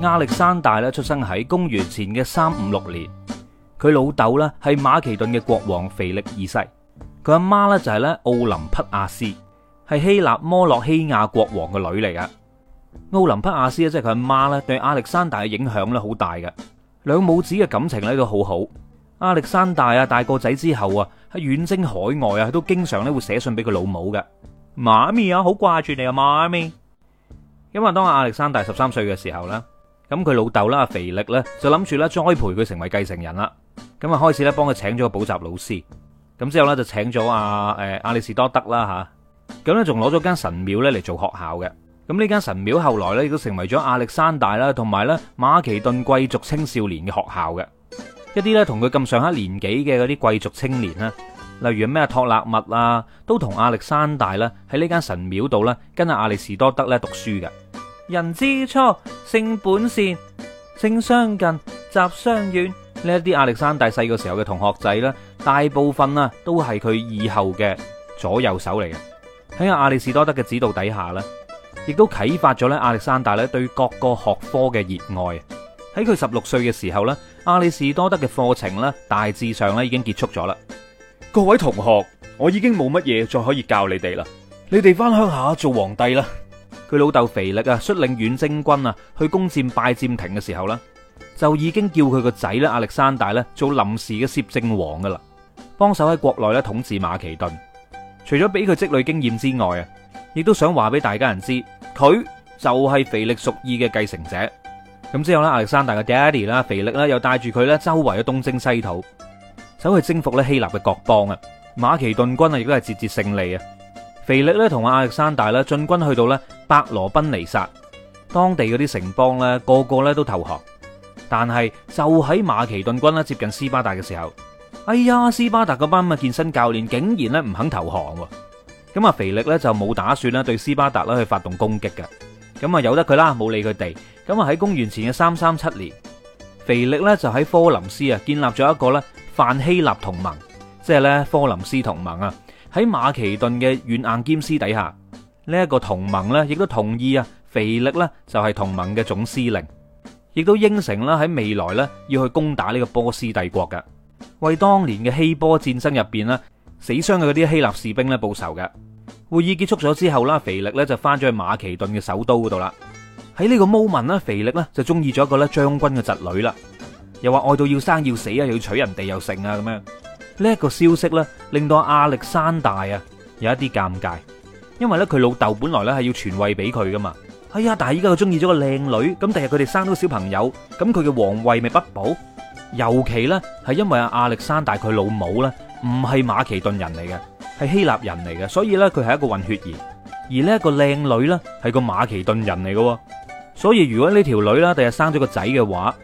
亞歷山大咧出生喺公元前嘅三五六年，佢老豆咧係馬其頓嘅國王腓力二世，佢阿媽咧就係咧奧林匹亞斯，係希臘摩洛西亞國王嘅女嚟噶奧林匹亞斯即係佢阿媽咧，對亞歷山大嘅影響咧好大嘅。兩母子嘅感情咧都好好。亞歷山大啊，大個仔之後啊，喺遠征海外啊，都經常咧會寫信俾佢老母嘅，媽咪啊，好掛住你啊，媽咪。因為當亞歷山大十三歲嘅時候咧。咁佢老豆啦，肥力咧就諗住咧栽培佢成為繼承人啦。咁啊開始咧幫佢請咗個補習老師。咁之後咧就請咗阿誒亞里士多德啦吓。咁咧仲攞咗間神廟咧嚟做學校嘅。咁呢間神廟後來咧亦都成為咗亞歷山大啦，同埋咧馬其頓貴族青少年嘅學校嘅。一啲咧同佢咁上下年紀嘅嗰啲貴族青年啦，例如咩托勒密啊，都同亞歷山大啦喺呢間神廟度咧跟阿亞里士多德咧讀書嘅。人之初，性本善，性相近，習相遠。呢一啲亞歷山大細個時候嘅同學仔啦，大部分啦都係佢以後嘅左右手嚟嘅。喺阿亞里士多德嘅指導底下啦，亦都啟發咗咧亞歷山大咧對各個學科嘅熱愛。喺佢十六歲嘅時候咧，亞里士多德嘅課程咧大致上咧已經結束咗啦。各位同學，我已經冇乜嘢再可以教你哋啦，你哋翻鄉下做皇帝啦。佢老豆腓力啊，率領遠征軍啊，去攻佔拜占庭嘅時候呢就已經叫佢個仔咧亞歷山大咧做臨時嘅攝政王噶啦，幫手喺國內咧統治馬其頓。除咗俾佢積累經驗之外啊，亦都想話俾大家人知，佢就係腓力屬意嘅繼承者。咁之後咧，亞歷山大嘅爹哋啦，腓力啦，又帶住佢咧，周圍去東征西討，走去征服咧希臘嘅各邦啊。馬其頓軍啊，亦都係節節勝利啊！腓力咧同阿亞歷山大咧進軍去到咧伯羅賓尼撒，當地嗰啲城邦咧個個咧都投降，但係就喺馬其頓軍咧接近斯巴達嘅時候，哎呀斯巴達嗰班嘅健身教練竟然咧唔肯投降，咁啊腓力咧就冇打算咧對斯巴達咧去發動攻擊嘅，咁啊由得佢啦，冇理佢哋，咁啊喺公元前嘅三三七年，腓力咧就喺科林斯啊建立咗一個咧泛希臘同盟，即係咧科林斯同盟啊。喺馬其頓嘅軟硬兼施底下，呢、這、一個同盟呢亦都同意啊，腓力呢就係、是、同盟嘅總司令，亦都應承啦喺未來呢，要去攻打呢個波斯帝國嘅，為當年嘅希波戰爭入邊呢，死傷嘅嗰啲希臘士兵呢報仇嘅。會議結束咗之後啦，腓力呢就翻咗去馬其頓嘅首都嗰度啦。喺呢個 moment 呢，腓力呢就中意咗一個咧將軍嘅侄女啦，又話愛到要生要死啊，又要娶人哋又成啊咁樣。呢一個消息咧，令到亞歷山大啊有一啲尷尬，因為咧佢老豆本來咧係要傳位俾佢噶嘛。哎呀，但係依家佢中意咗個靚女，咁第日佢哋生咗小朋友，咁佢嘅皇位咪不保？尤其咧係因為阿亞歷山大佢老母咧唔係馬其頓人嚟嘅，係希臘人嚟嘅，所以咧佢係一個混血兒。而呢一個靚女咧係個馬其頓人嚟嘅，所以如果呢條女呢第日生咗個仔嘅話，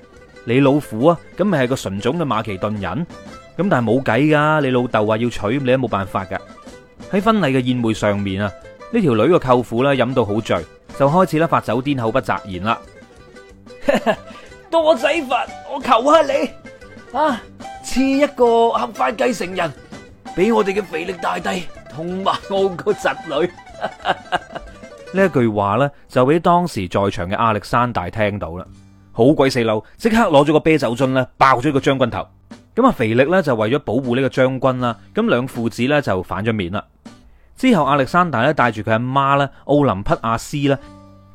你老虎啊，咁咪係個純種嘅馬其頓人？咁但係冇計噶，你老豆話要娶你都冇辦法噶。喺婚禮嘅宴會上面啊，呢條女嘅舅父咧飲到好醉，就開始咧發酒癲，口不擇言啦。 多仔佛，我求下你啊，賜一個合法繼承人俾我哋嘅肥力大帝同埋我個侄女。呢 一句話咧就俾當時在場嘅亞歷山大聽到啦，好鬼死嬲，即刻攞咗個啤酒樽咧爆咗個將軍頭。咁啊，肥力咧就為咗保護呢個將軍啦，咁兩父子咧就反咗面啦。之後亞歷山大咧帶住佢阿媽咧，奧林匹亞斯啦，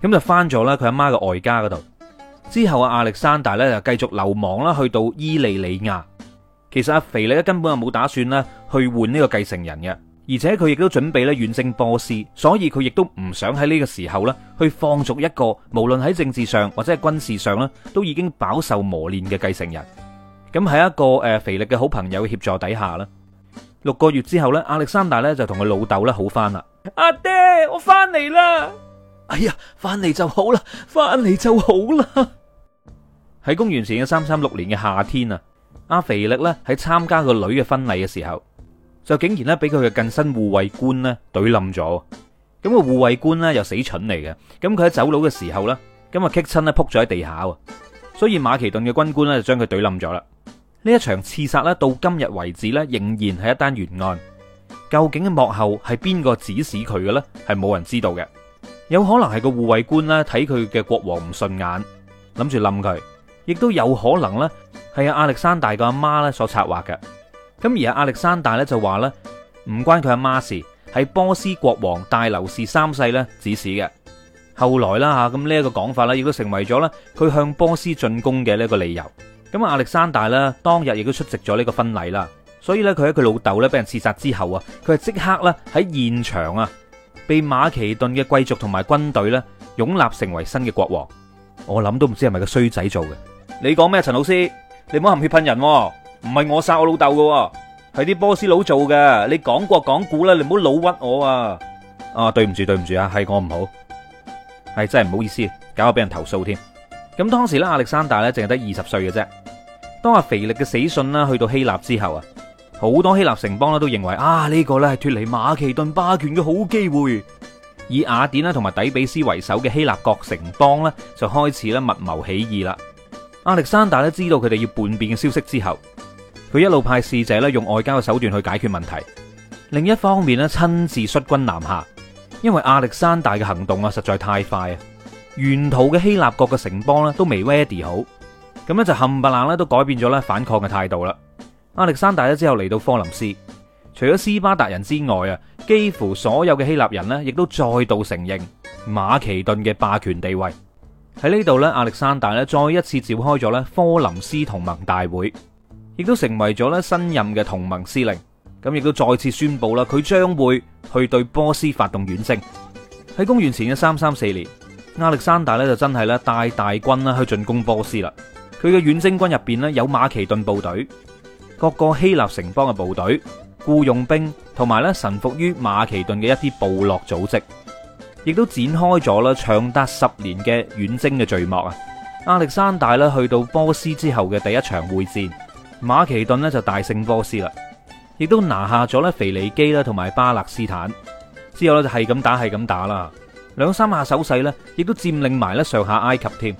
咁就翻咗啦佢阿媽嘅外家嗰度。之後啊，亞歷山大咧就繼續流亡啦，去到伊利里亞。其實阿肥力根本就冇打算咧去換呢個繼承人嘅，而且佢亦都準備咧遠征波斯，所以佢亦都唔想喺呢個時候咧去放逐一個無論喺政治上或者係軍事上啦，都已經飽受磨練嘅繼承人。咁喺一個誒肥力嘅好朋友嘅協助底下啦，六個月之後咧，亞歷山大咧就同佢老豆咧好翻啦。阿爹，我翻嚟啦！哎呀，翻嚟就好啦，翻嚟就好啦。喺公元前嘅三三六年嘅夏天啊，阿肥力咧喺參加個女嘅婚禮嘅時候，就竟然咧俾佢嘅近身護衛官咧懟冧咗。咁個護衛官咧又死蠢嚟嘅，咁佢喺走佬嘅時候咧，咁啊棘親咧扑咗喺地下，所以馬其頓嘅軍官咧就將佢懟冧咗啦。呢一場刺殺咧，到今日為止咧，仍然係一單懸案。究竟嘅幕後係邊個指使佢嘅咧？係冇人知道嘅。有可能係個護衛官啦，睇佢嘅國王唔順眼，諗住冧佢；亦都有可能咧，係阿力山大個阿媽咧所策劃嘅。咁而阿力山大咧就話咧，唔關佢阿媽事，係波斯國王大流士三世咧指使嘅。後來啦吓，咁呢一個講法咧，亦都成為咗咧佢向波斯進攻嘅呢一個理由。咁啊，亞歷山大咧，當日亦都出席咗呢個婚禮啦。所以咧，佢喺佢老豆咧俾人刺殺之後啊，佢係即刻咧喺現場啊，被馬其頓嘅貴族同埋軍隊咧擁立成為新嘅國王。我諗都唔知係咪個衰仔做嘅。你講咩啊，陳老師？你唔好含血噴人喎，唔係我殺我老豆嘅，係啲波斯佬做嘅。你講過講古啦，你唔好老屈我啊。啊，對唔住對唔住啊，係我唔好，係真係唔好意思，搞到俾人投訴添。咁當時咧，亞歷山大咧淨係得二十歲嘅啫。當阿腓力嘅死訊啦，去到希臘之後啊，好多希臘城邦啦都認為啊，呢個咧係脫離馬其頓霸權嘅好機會。以雅典啦同埋底比斯為首嘅希臘各城邦咧，就開始咧密謀起義啦。亞歷山大咧知道佢哋要叛變嘅消息之後，佢一路派使者咧用外交嘅手段去解決問題。另一方面咧，親自率軍南下，因為亞歷山大嘅行動啊實在太快。沿途嘅希臘國嘅城邦咧都未 ready 好，咁咧就冚唪唥咧都改變咗咧反抗嘅態度啦。亞歷山大咧之後嚟到科林斯，除咗斯巴達人之外啊，幾乎所有嘅希臘人咧亦都再度承認馬其頓嘅霸權地位喺呢度咧。亞歷山大咧再一次召開咗咧科林斯同盟大會，亦都成為咗咧新任嘅同盟司令，咁亦都再次宣布啦，佢將會去對波斯發動遠征喺公元前嘅三三四年。亞歷山大咧就真係咧帶大軍啦去進攻波斯啦，佢嘅遠征軍入邊咧有馬其頓部隊、各個希臘城邦嘅部隊、雇傭兵同埋咧臣服於馬其頓嘅一啲部落組織，亦都展開咗啦長達十年嘅遠征嘅序幕啊！亞歷山大咧去到波斯之後嘅第一場會戰，馬其頓咧就大勝波斯啦，亦都拿下咗咧腓尼基啦同埋巴勒斯坦，之後咧就係咁打係咁打啦。兩三下手勢呢，亦都佔領埋咧上下埃及添。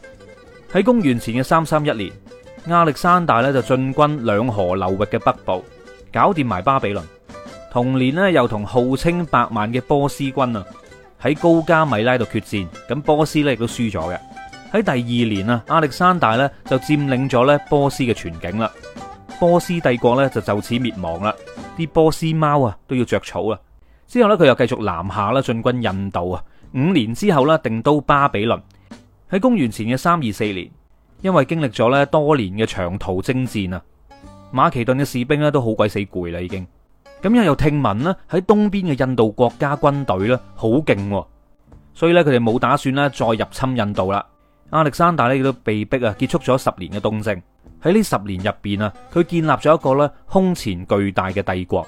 喺公元前嘅三三一年，亞歷山大呢就進軍兩河流域嘅北部，搞掂埋巴比倫。同年呢，又同號稱百萬嘅波斯軍啊，喺高加米拉度決戰。咁波斯呢亦都輸咗嘅。喺第二年啊，亞歷山大呢就佔領咗呢波斯嘅全境啦。波斯帝國呢就就此滅亡啦。啲波斯貓啊都要着草啦。之後呢，佢又繼續南下啦，進軍印度啊。五年之後咧，定都巴比倫喺公元前嘅三二四年，因為經歷咗咧多年嘅長途征戰啊，馬其頓嘅士兵咧都好鬼死攰啦，已經咁樣又聽聞咧喺東邊嘅印度國家軍隊咧好勁，所以咧佢哋冇打算咧再入侵印度啦。亞歷山大咧亦都被逼啊結束咗十年嘅東征。喺呢十年入邊啊，佢建立咗一個咧空前巨大嘅帝國，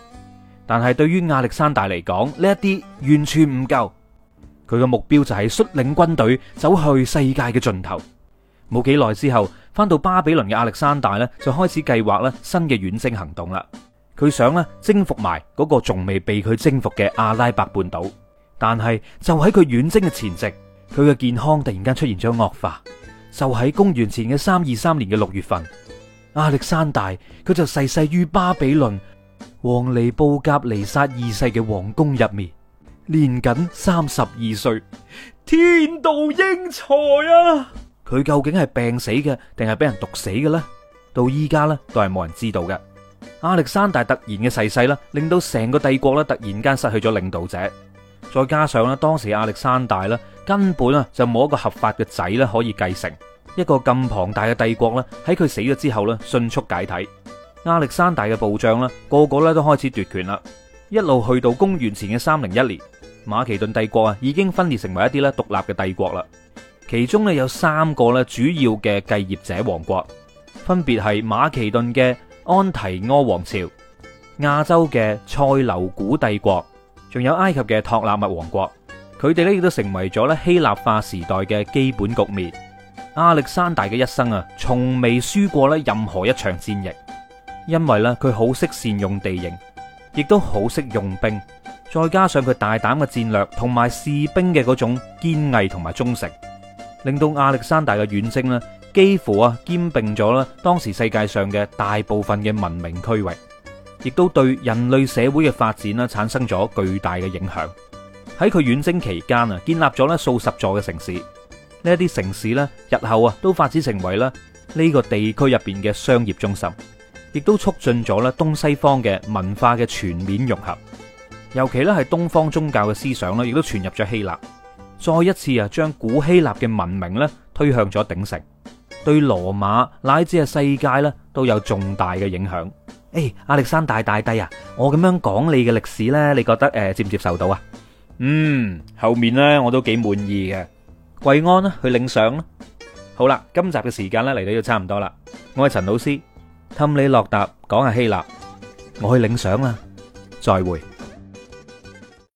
但係對於亞歷山大嚟講呢一啲完全唔夠。佢嘅目標就係率領軍隊走去世界嘅盡頭。冇幾耐之後，翻到巴比倫嘅亞歷山大咧，就開始計劃咧新嘅遠征行動啦。佢想咧征服埋嗰個仲未被佢征服嘅阿拉伯半島。但係就喺佢遠征嘅前夕，佢嘅健康突然間出現咗惡化。就喺公元前嘅三二三年嘅六月份，亞歷山大佢就逝世於巴比倫王尼布甲尼撒二世嘅皇宮入面。年僅三十二歲，天妒英才啊！佢究竟係病死嘅，定係俾人毒死嘅呢？到依家咧，都係冇人知道嘅。亞歷山大突然嘅逝世啦，令到成個帝國咧突然間失去咗領導者，再加上啦，當時亞歷山大啦根本啊就冇一個合法嘅仔啦可以繼承，一個咁龐大嘅帝國咧喺佢死咗之後咧迅速解體。亞歷山大嘅部將啦，個個咧都開始奪權啦，一路去到公元前嘅三零一年。馬其頓帝國啊，已經分裂成為一啲咧獨立嘅帝國啦。其中咧有三個咧主要嘅繼業者王國，分別係馬其頓嘅安提柯王朝、亞洲嘅塞琉古帝國，仲有埃及嘅托勒密王國。佢哋咧亦都成為咗咧希臘化時代嘅基本局面。亞歷山大嘅一生啊，從未輸過咧任何一場戰役，因為咧佢好識善用地形，亦都好識用兵。再加上佢大膽嘅戰略同埋士兵嘅嗰種堅毅同埋忠誠，令到亞歷山大嘅遠征咧，幾乎啊兼併咗咧當時世界上嘅大部分嘅文明區域，亦都對人類社會嘅發展啦產生咗巨大嘅影響。喺佢遠征期間啊，建立咗咧數十座嘅城市，呢一啲城市咧日後啊都發展成為咧呢個地區入邊嘅商業中心，亦都促進咗咧東西方嘅文化嘅全面融合。尤其咧係東方宗教嘅思想咧，亦都傳入咗希臘，再一次啊將古希臘嘅文明咧推向咗鼎盛，對羅馬乃至係世界咧都有重大嘅影響。誒，亞歷山大大帝啊，我咁樣講你嘅歷史咧，你覺得誒接唔接受到啊？嗯，後面咧我都幾滿意嘅。跪安啦，去領賞啦。好啦，今集嘅時間咧嚟到就差唔多啦。我係陳老師，氹你落答講下希臘，我去領賞啦。再會。